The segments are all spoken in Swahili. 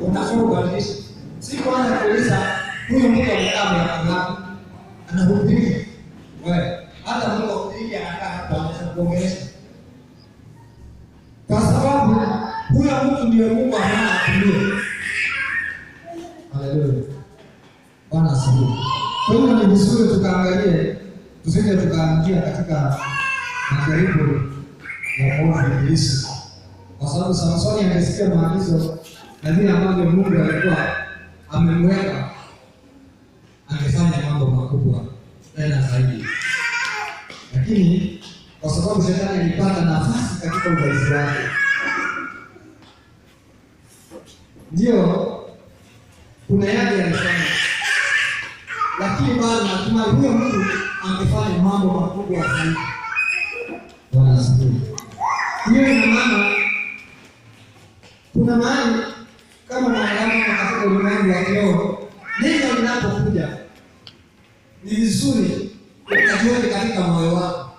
utazuru kuanzisha. Si kwanza kuuliza huyu mtu amekaa miaka ngapi? Anahubiri. Wewe hata Mungu akuhubiri anakaa hapa anaweza kuongelesha. Kwa sababu huyo mtu ndiye Mungu anayetumia. Haleluya. Bwana asifiwe. Kwa hiyo ni vizuri tukaangalie tusije tukaangia katika majaribu ya mwovu Ibilisi. Kwa sababu Samsoni angesikia maagizo na vile ambavyo Mungu alikuwa amemweka angefanya mambo makubwa tena zaidi, lakini kwa sababu shetani alipata nafasi katika udhaifu wake, ndio kuna yale alifanya, lakini bado natumai huyo mtu angefanya mambo makubwa zaidi. Bwana asifiwe. Hiyo ina maana kuna mahali kama mwanadamu katika ulimwengu wa kiroho, neno linapokuja ni vizuri ukajione katika moyo wako,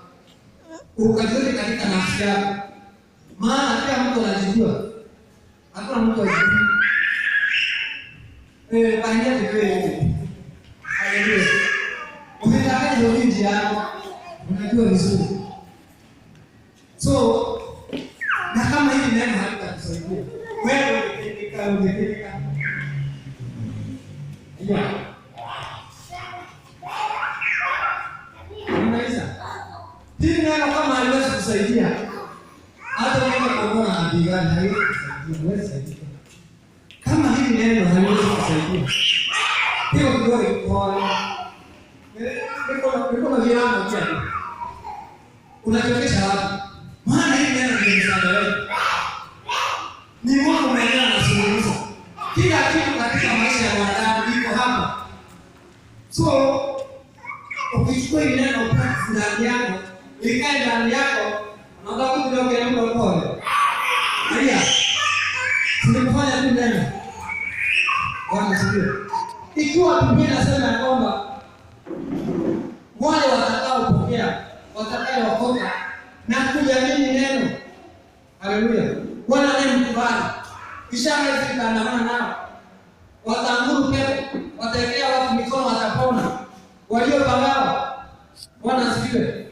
ukajione katika nafsi yako, maana kila mtu anajijua, hakuna mtu ajijui. Eh, pangia tukweli. Haleluya. Umekaje hiyo yako? Unajua vizuri. So Hili neno kama haliwezi kusaidia hata haiwezi kusaidia. Kama hili neno haliwezi kusaidia, hiyo ndio ikoa unachokesha watu, maana hili neno ni msaada wetu, ni Mungu mwenyewe mazungumzo. Kila kitu katika maisha ya mwanadamu iko hapa. So ukichukua ile neno practice ndani yako, ikae ndani yako, unaanza kuongea mtu mpole. Haya. Tunafanya tu ndani? Bwana sio. Ikiwa Biblia inasema kwamba wale watakao pokea, watakao watakaokoka na kujamini neno. Haleluya. Bwana ndiye mkubali kisha hizi kuandamana nao, wataamuru pepo, wataekea watu mikono, watapona waliopagawa. Bwana asifiwe.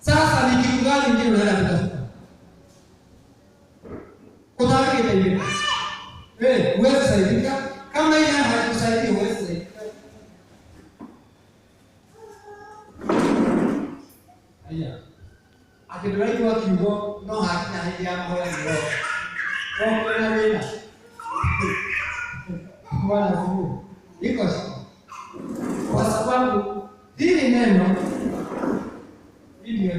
Sasa ni kitu gani ndio unaenda kutafuta? Kutaka kitu eh, uweze saidika kama hii nayo haikusaidii, uweze saidika. Aya, akidai wa kiungo no hakina haja ya moyo Wanaenda. Bwana Iko kwa sababu hili neno ndivyo